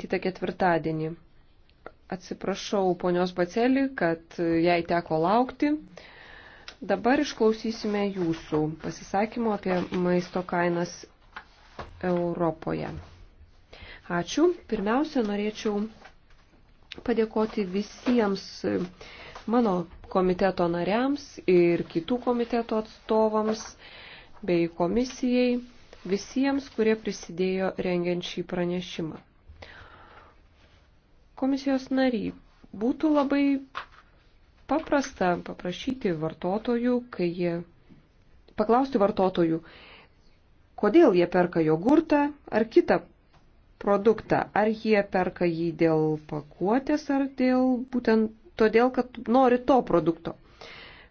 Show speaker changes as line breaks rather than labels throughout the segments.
kitą ketvirtadienį. Atsiprašau ponios Bacelį, kad jai teko laukti. Dabar išklausysime jūsų pasisakymų apie maisto kainas Europoje. Ačiū. Pirmiausia, norėčiau padėkoti visiems mano komiteto nariams ir kitų komiteto atstovams bei komisijai, visiems, kurie prisidėjo rengiant šį pranešimą. Komisijos nariai, būtų labai paprasta paprašyti vartotojų, kai jie paklausti vartotojų, kodėl jie perka jogurtą ar kitą produktą, ar jie perka jį dėl pakuotės ar dėl būtent todėl, kad nori to produkto.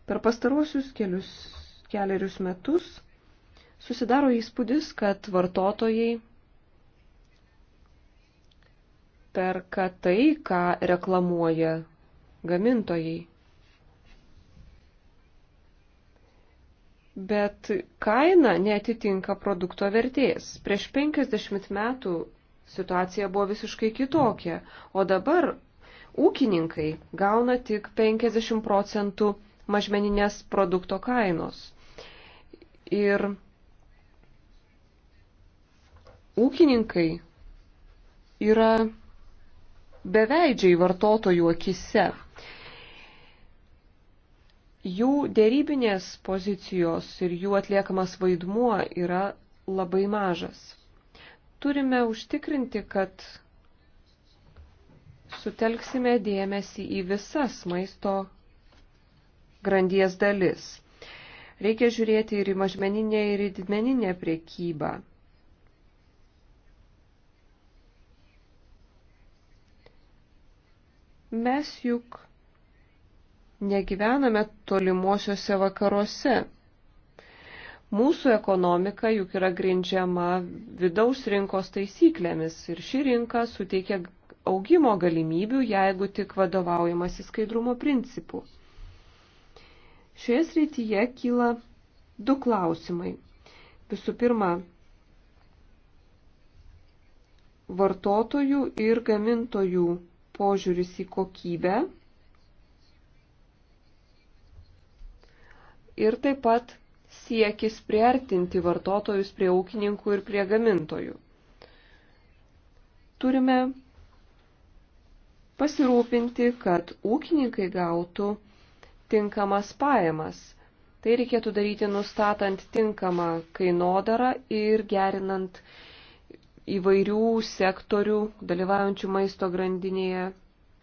Per pastaruosius kelius, keliarius metus susidaro įspūdis, kad vartotojai perka tai, ką reklamuoja gamintojai. Bet kaina netitinka produkto vertės. Prieš 50 metų situacija buvo visiškai kitokia, o dabar ūkininkai gauna tik 50 procentų mažmeninės produkto kainos. Ir ūkininkai yra beveidžiai vartotojų akise. Jų dėrybinės pozicijos ir jų atliekamas vaidmuo yra labai mažas. Turime užtikrinti, kad sutelksime dėmesį į visas maisto grandies dalis. Reikia žiūrėti ir į mažmeninę, ir į didmeninę priekybą. Mes juk negyvename tolimuosiuose vakaruose. Mūsų ekonomika juk yra grindžiama vidaus rinkos taisyklėmis ir ši rinka suteikia augimo galimybių, jeigu tik vadovaujamasi skaidrumo principų. Šioje srityje kyla du klausimai. Visų pirma, vartotojų ir gamintojų požiūris į kokybę ir taip pat siekis priartinti vartotojus prie ūkininkų ir prie gamintojų. Turime pasirūpinti, kad ūkininkai gautų tinkamas pajamas. Tai reikėtų daryti nustatant tinkamą kainodarą ir gerinant įvairių sektorių dalyvaujančių maisto grandinėje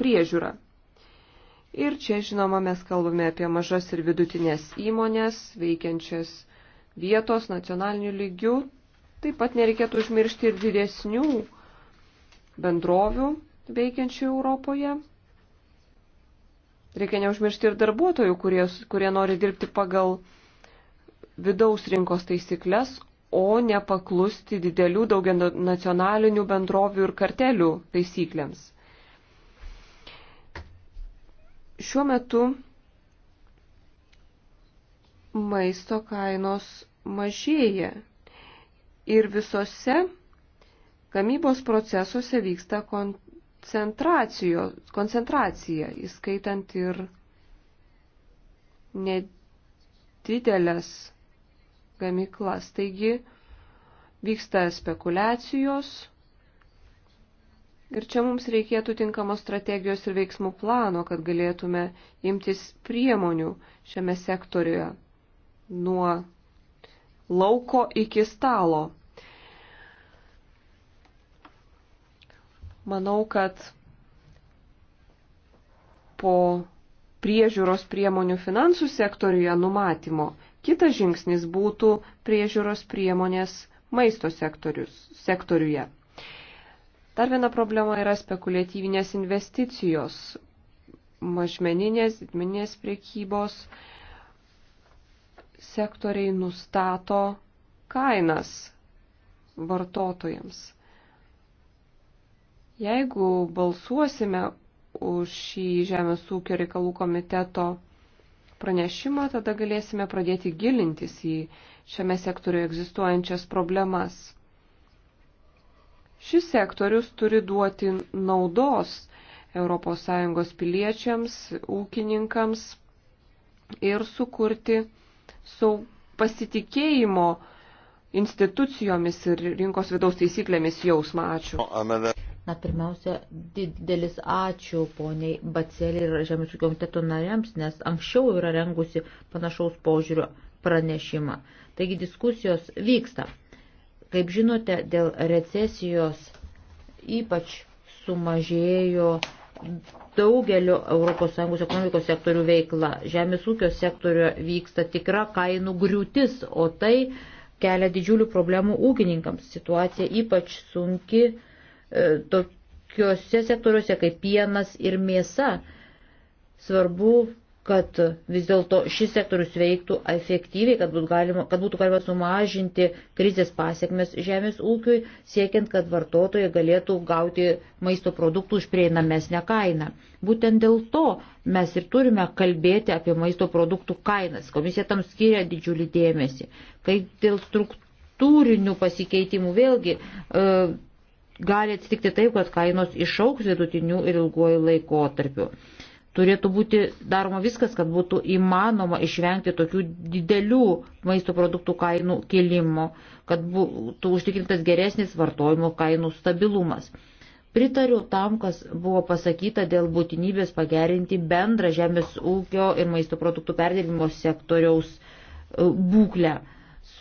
priežiūrą. Ir čia, žinoma, mes kalbame apie mažas ir vidutinės įmonės, veikiančias vietos nacionalinių lygių. Taip pat nereikėtų užmiršti ir didesnių bendrovių veikiančių Europoje. Reikia neužmiršti ir darbuotojų, kurie, kurie nori dirbti pagal vidaus rinkos taisyklės, o nepaklusti didelių daugia nacionalinių bendrovių ir kartelių taisyklėms. Šiuo metu maisto kainos mažėja ir visose gamybos procesuose vyksta koncentracija, įskaitant ir nedidelės gamyklas. Taigi vyksta spekulacijos ir čia mums reikėtų tinkamos strategijos ir veiksmų plano, kad galėtume imtis priemonių šiame sektorijoje nuo lauko iki stalo. Manau, kad po priežiūros priemonių finansų sektoriuje numatymo Kitas žingsnis būtų priežiūros priemonės maisto sektoriuje. Dar viena problema yra spekuliatyvinės investicijos, mažmeninės, didmeninės priekybos sektoriai nustato kainas vartotojams. Jeigu balsuosime už šį Žemės ūkio reikalų komiteto pranešimą, tada galėsime pradėti gilintis į šiame sektoriu egzistuojančias problemas. Šis sektorius turi duoti naudos ES piliečiams, ūkininkams ir sukurti su pasitikėjimo institucijomis ir rinkos vidaus taisyklėmis jausmą. Ačiū.
Na, pirmiausia, didelis ačiū poniai Bacelį ir Žemės ūkio komiteto nariams, nes anksčiau yra rengusi panašaus požiūrio pranešimą. Taigi diskusijos vyksta. Kaip žinote, dėl recesijos ypač sumažėjo daugelio ES ekonomikos sektorių veikla. Žemės ūkio sektorio vyksta tikra kainų griūtis, o tai kelia didžiulių problemų ūkininkams. Situacija ypač sunki E, tokiuose sektoriuose kaip pienas ir mėsa. Svarbu, kad vis dėlto šis sektorius veiktų efektyviai, kad būtų, galima, kad būtų galima sumažinti krizės pasiekmes žemės ūkiui, siekiant, kad vartotojai galėtų gauti maisto produktų už prieinamesnę kainą. Būtent dėl to mes ir turime kalbėti apie maisto produktų kainas. Komisija tam skiria didžiulį dėmesį. Kai dėl struktūrinių pasikeitimų vėlgi. E, gali atsitikti taip, kad kainos išauks vidutiniu ir ilguoju laikotarpiu. Turėtų būti daroma viskas, kad būtų įmanoma išvengti tokių didelių maisto produktų kainų kilimo, kad būtų užtikrintas geresnis vartojimo kainų stabilumas. Pritariu tam, kas buvo pasakyta dėl būtinybės pagerinti bendrą žemės ūkio ir maisto produktų perdirbimo sektoriaus e, būklę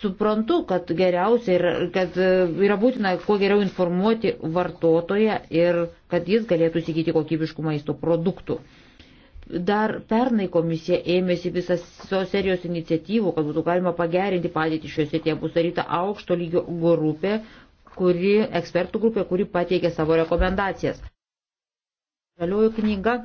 suprantu, kad geriausia ir kad e, yra būtina kuo geriau informuoti vartotoją ir kad jis galėtų įsigyti kokybiškų maisto produktų. Dar pernai komisija ėmėsi visas serijos iniciatyvų, kad būtų galima pagerinti padėtį šiuose tie bus daryta aukšto lygio grupė, kuri, ekspertų grupė, kuri pateikė savo rekomendacijas. Žalioji knyga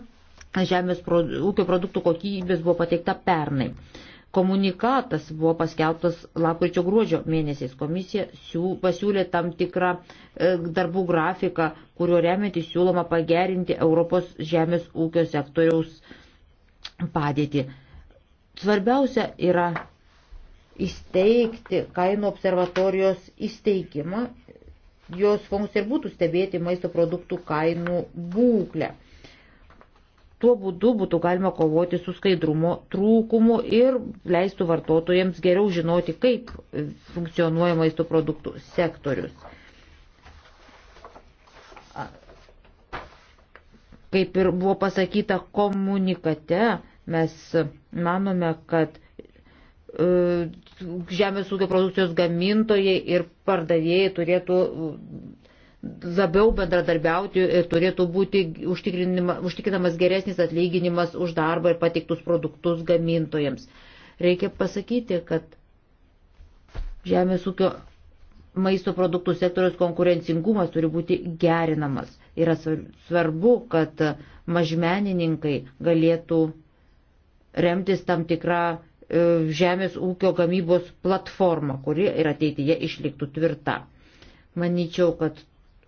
Žemės pro, ūkio produktų kokybės buvo pateikta pernai. Uh, Komunikatas buvo paskelbtas lapkričio gruodžio mėnesiais. Komisija siū, pasiūlė tam tikrą e, darbų grafiką, kurio remianti siūloma pagerinti Europos žemės ūkio sektoriaus padėtį. Svarbiausia yra įsteigti kainų observatorijos įsteigimą. Jos funkcija ir būtų stebėti maisto produktų kainų būklę. Tuo būdu būtų galima kovoti su skaidrumo trūkumu ir leistų vartotojams geriau žinoti, kaip funkcionuoja maisto produktų sektorius. Kaip ir buvo pasakyta komunikate, mes manome, kad e, žemės ūkio produkcijos gamintojai ir pardavėjai turėtų labiau bendradarbiauti ir e, turėtų būti užtikrinamas geresnis atlyginimas už darbą ir patiktus produktus gamintojams. Reikia pasakyti, kad žemės ūkio maisto produktų sektoriaus konkurencingumas turi būti gerinamas. Yra svarbu, kad mažmenininkai galėtų remtis tam tikrą e, žemės ūkio gamybos platformą, kuri ir ateityje išliktų tvirta. Manyčiau, kad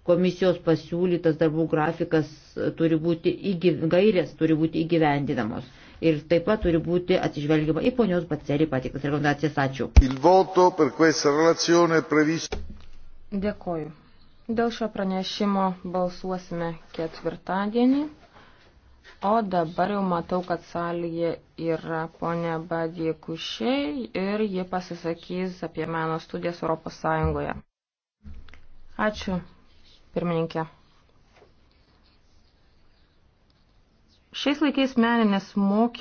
komisijos pasiūlytas darbų grafikas turi būti įgyv... gairės, turi būti įgyvendinamos. Ir taip pat turi būti atsižvelgiama į ponios Bacerį patiktas rekomendacijas. Ačiū.
Dėkoju. Dėl šio pranešimo balsuosime ketvirtadienį. O dabar jau matau, kad salėje yra ponia Badie Kušiai ir ji pasisakys apie meno studijas Europos Sąjungoje. Ačiū pirmininkė. Šiais laikais meninis mokymas.